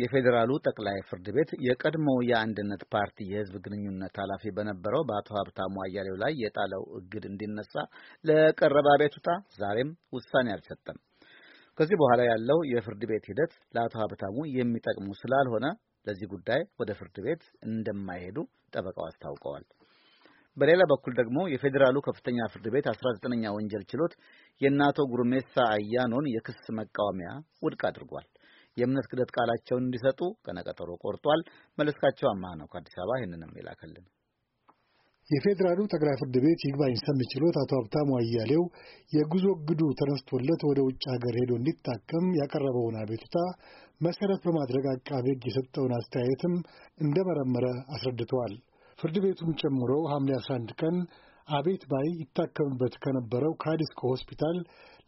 የፌዴራሉ ጠቅላይ ፍርድ ቤት የቀድሞው የአንድነት ፓርቲ የሕዝብ ግንኙነት ኃላፊ በነበረው በአቶ ሀብታሙ አያሌው ላይ የጣለው እግድ እንዲነሳ ለቀረበ አቤቱታ ዛሬም ውሳኔ አልሰጠም። ከዚህ በኋላ ያለው የፍርድ ቤት ሂደት ለአቶ ሀብታሙ የሚጠቅሙ ስላልሆነ ለዚህ ጉዳይ ወደ ፍርድ ቤት እንደማይሄዱ ጠበቃው አስታውቀዋል። በሌላ በኩል ደግሞ የፌዴራሉ ከፍተኛ ፍርድ ቤት 19ኛ ወንጀል ችሎት የእነ አቶ ጉርሜሳ አያኖን የክስ መቃወሚያ ውድቅ አድርጓል። የእምነት ክደት ቃላቸውን እንዲሰጡ ቀነቀጠሮ ቆርጧል። መለስካቸው አማ ነው ከአዲስ አበባ ይህንንም የላከልን። የፌዴራሉ ጠቅላይ ፍርድ ቤት ይግባኝ ሰሚ ችሎት አቶ ሀብታሙ አያሌው የጉዞ እግዱ ተነስቶለት ወደ ውጭ ሀገር ሄዶ እንዲታከም ያቀረበውን አቤቱታ መሰረት በማድረግ አቃቤ ሕግ የሰጠውን አስተያየትም እንደመረመረ አስረድተዋል። ፍርድ ቤቱን ጨምሮ ሐምሌ 11 ቀን አቤት ባይ ይታከምበት ከነበረው ካዲስኮ ሆስፒታል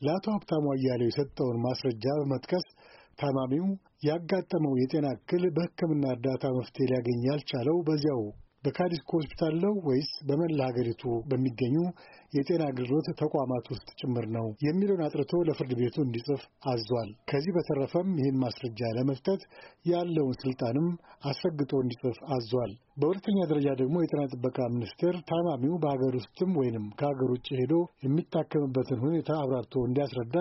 ለአቶ ሀብታሙ አያሌው የሰጠውን ማስረጃ በመጥቀስ ታማሚው ያጋጠመው የጤና እክል በሕክምና እርዳታ መፍትሄ ሊያገኝ ያልቻለው በዚያው በካዲስኮ ሆስፒታል ነው ወይስ በመላ ሀገሪቱ በሚገኙ የጤና አገልግሎት ተቋማት ውስጥ ጭምር ነው የሚለውን አጥርቶ ለፍርድ ቤቱ እንዲጽፍ አዟል። ከዚህ በተረፈም ይህን ማስረጃ ለመስጠት ያለውን ስልጣንም አስረግጦ እንዲጽፍ አዟል። በሁለተኛ ደረጃ ደግሞ የጤና ጥበቃ ሚኒስቴር ታማሚው በሀገር ውስጥም ወይንም ከሀገር ውጭ ሄዶ የሚታከምበትን ሁኔታ አብራርቶ እንዲያስረዳ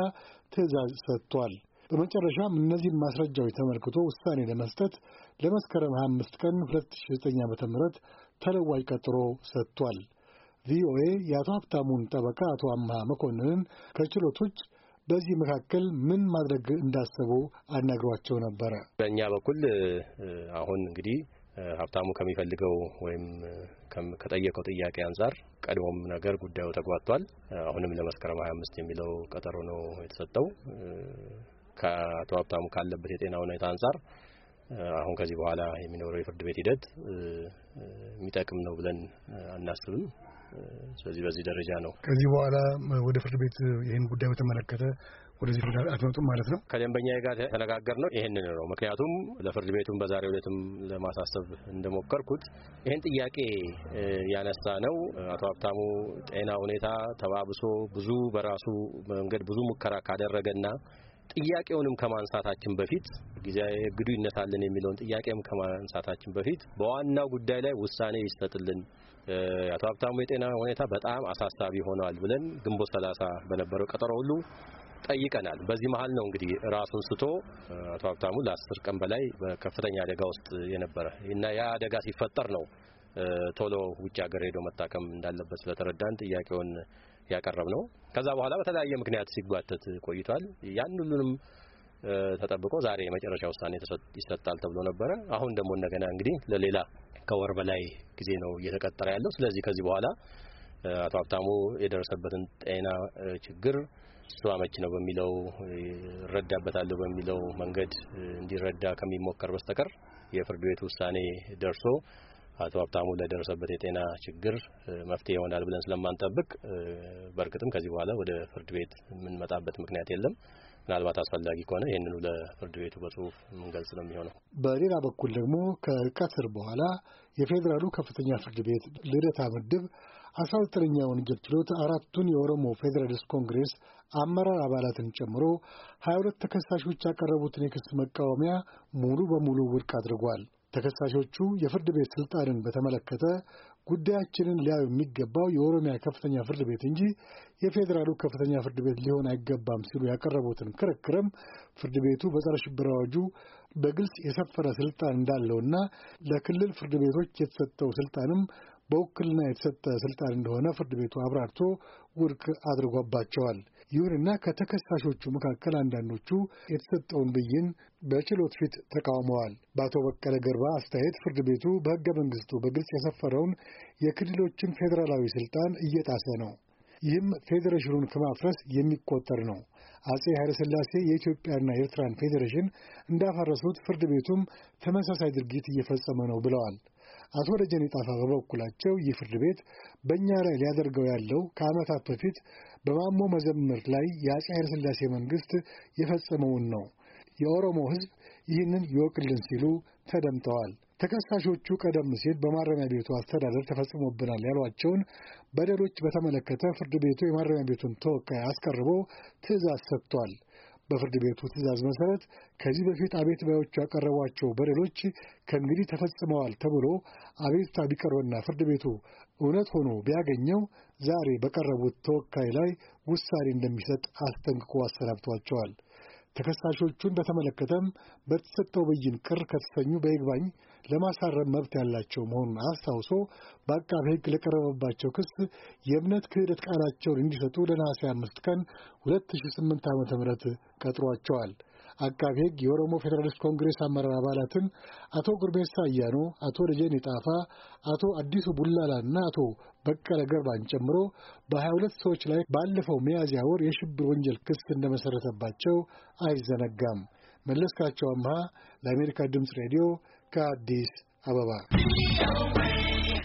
ትዕዛዝ ሰጥቷል። በመጨረሻም እነዚህን ማስረጃዎች ተመልክቶ ውሳኔ ለመስጠት ለመስከረም 25 ቀን 2009 ዓ.ም ተለዋጭ ቀጠሮ ሰጥቷል። ቪኦኤ የአቶ ሀብታሙን ጠበቃ አቶ አምሃ መኮንንን ከችሎቶች በዚህ መካከል ምን ማድረግ እንዳሰቡ አናግሯቸው ነበረ። በእኛ በኩል አሁን እንግዲህ ሀብታሙ ከሚፈልገው ወይም ከጠየቀው ጥያቄ አንጻር ቀድሞም ነገር ጉዳዩ ተጓቷል። አሁንም ለመስከረም 25 የሚለው ቀጠሮ ነው የተሰጠው። ከአቶ ሀብታሙ ካለበት የጤና ሁኔታ አንጻር አሁን ከዚህ በኋላ የሚኖረው የፍርድ ቤት ሂደት የሚጠቅም ነው ብለን አናስብም። ስለዚህ በዚህ ደረጃ ነው። ከዚህ በኋላ ወደ ፍርድ ቤት ይህን ጉዳይ በተመለከተ ወደዚህ ፍርድ አትመጡም ማለት ነው። ከደንበኛ ጋር ተነጋገር ነው ይህንን ነው። ምክንያቱም ለፍርድ ቤቱም በዛሬው ዕለትም ለማሳሰብ እንደሞከርኩት ይህን ጥያቄ ያነሳ ነው አቶ ሀብታሙ ጤና ሁኔታ ተባብሶ ብዙ በራሱ መንገድ ብዙ ሙከራ ካደረገና ጥያቄውንም ከማንሳታችን በፊት ጊዜ እግዱ ይነሳልን የሚለውን ጥያቄም ከማንሳታችን በፊት በዋናው ጉዳይ ላይ ውሳኔ ይሰጥልን። የአቶ ሀብታሙ የጤና ሁኔታ በጣም አሳሳቢ ሆኗል ብለን ግንቦት ሰላሳ በነበረው ቀጠሮ ሁሉ ጠይቀናል። በዚህ መሀል ነው እንግዲህ ራሱን ስቶ አቶ ሀብታሙ ለአስር ቀን በላይ በከፍተኛ አደጋ ውስጥ የነበረ እና ያ አደጋ ሲፈጠር ነው ቶሎ ውጭ ሀገር ሄዶ መታከም እንዳለበት ስለተረዳን ጥያቄውን ያቀረብ ነው። ከዛ በኋላ በተለያየ ምክንያት ሲጓተት ቆይቷል። ያን ሁሉንም ተጠብቆ ዛሬ የመጨረሻ ውሳኔ ይሰጣል ተብሎ ነበረ። አሁን ደግሞ እንደገና እንግዲህ ለሌላ ከወር በላይ ጊዜ ነው እየተቀጠረ ያለው። ስለዚህ ከዚህ በኋላ አቶ ሀብታሙ የደረሰበትን ጤና ችግር እሱ አመች ነው በሚለው እረዳበታለሁ በሚለው መንገድ እንዲረዳ ከሚሞከር በስተቀር የፍርድ ቤት ውሳኔ ደርሶ አቶ ሀብታሙ ለደረሰበት የጤና ችግር መፍትሄ ይሆናል ብለን ስለማንጠብቅ በእርግጥም ከዚህ በኋላ ወደ ፍርድ ቤት የምንመጣበት ምክንያት የለም። ምናልባት አስፈላጊ ከሆነ ይህንኑ ለፍርድ ቤቱ በጽሁፍ የምንገልጽ ነው የሚሆነው። በሌላ በኩል ደግሞ ከቀትር በኋላ የፌዴራሉ ከፍተኛ ፍርድ ቤት ልደታ ምድብ አስራ ዘጠነኛ ወንጀል ችሎት አራቱን የኦሮሞ ፌዴራሊስት ኮንግሬስ አመራር አባላትን ጨምሮ ሀያ ሁለት ተከሳሾች ያቀረቡትን የክስ መቃወሚያ ሙሉ በሙሉ ውድቅ አድርጓል። ተከሳሾቹ የፍርድ ቤት ስልጣንን በተመለከተ ጉዳያችንን ሊያዩ የሚገባው የኦሮሚያ ከፍተኛ ፍርድ ቤት እንጂ የፌዴራሉ ከፍተኛ ፍርድ ቤት ሊሆን አይገባም ሲሉ ያቀረቡትን ክርክርም ፍርድ ቤቱ በጸረ ሽብር አዋጁ በግልጽ የሰፈረ ስልጣን እንዳለውና ለክልል ፍርድ ቤቶች የተሰጠው ስልጣንም በውክልና የተሰጠ ስልጣን እንደሆነ ፍርድ ቤቱ አብራርቶ ውድቅ አድርጎባቸዋል። ይሁንና ከተከሳሾቹ መካከል አንዳንዶቹ የተሰጠውን ብይን በችሎት ፊት ተቃውመዋል። በአቶ በቀለ ገርባ አስተያየት ፍርድ ቤቱ በሕገ መንግሥቱ በግልጽ የሰፈረውን የክልሎችን ፌዴራላዊ ሥልጣን እየጣሰ ነው፣ ይህም ፌዴሬሽኑን ከማፍረስ የሚቆጠር ነው። አጼ ኃይለሥላሴ የኢትዮጵያና የኤርትራን ፌዴሬሽን እንዳፈረሱት ፍርድ ቤቱም ተመሳሳይ ድርጊት እየፈጸመ ነው ብለዋል። አቶ ደጀን ጣፋ በበኩላቸው ይህ ፍርድ ቤት በእኛ ላይ ሊያደርገው ያለው ከዓመታት በፊት በማሞ መዘምር ላይ የአፄ ኃይለሥላሴ መንግሥት የፈጸመውን ነው፣ የኦሮሞ ሕዝብ ይህንን ይወቅልን ሲሉ ተደምጠዋል። ተከሳሾቹ ቀደም ሲል በማረሚያ ቤቱ አስተዳደር ተፈጽሞብናል ያሏቸውን በደሎች በተመለከተ ፍርድ ቤቱ የማረሚያ ቤቱን ተወካይ አስቀርቦ ትዕዛዝ ሰጥቷል። በፍርድ ቤቱ ትዕዛዝ መሠረት ከዚህ በፊት አቤት ባዮቹ ያቀረቧቸው በደሎች ከእንግዲህ ተፈጽመዋል ተብሎ አቤቱታ ቢቀርብና ፍርድ ቤቱ እውነት ሆኖ ቢያገኘው ዛሬ በቀረቡት ተወካይ ላይ ውሳኔ እንደሚሰጥ አስጠንቅቆ አሰናብቷቸዋል። ተከሳሾቹን በተመለከተም በተሰጠው ብይን ቅር ከተሰኙ በይግባኝ ለማሳረም መብት ያላቸው መሆኑን አስታውሶ በአቃቢ ሕግ ለቀረበባቸው ክስ የእምነት ክህደት ቃላቸውን እንዲሰጡ ለነሐሴ አምስት ቀን 2008 ም ቀጥሯቸዋል። አቃቤ ሕግ የኦሮሞ ፌዴራሊስት ኮንግሬስ አመራር አባላትን አቶ ጉርሜሳ አያኖ፣ አቶ ደጀኔ ጣፋ፣ አቶ አዲሱ ቡላላ እና አቶ በቀለ ገርባን ጨምሮ በ22 ሰዎች ላይ ባለፈው ሚያዝያ ወር የሽብር ወንጀል ክስ እንደመሰረተባቸው አይዘነጋም። መለስካቸው አምሃ ለአሜሪካ ድምፅ ሬዲዮ ከአዲስ አበባ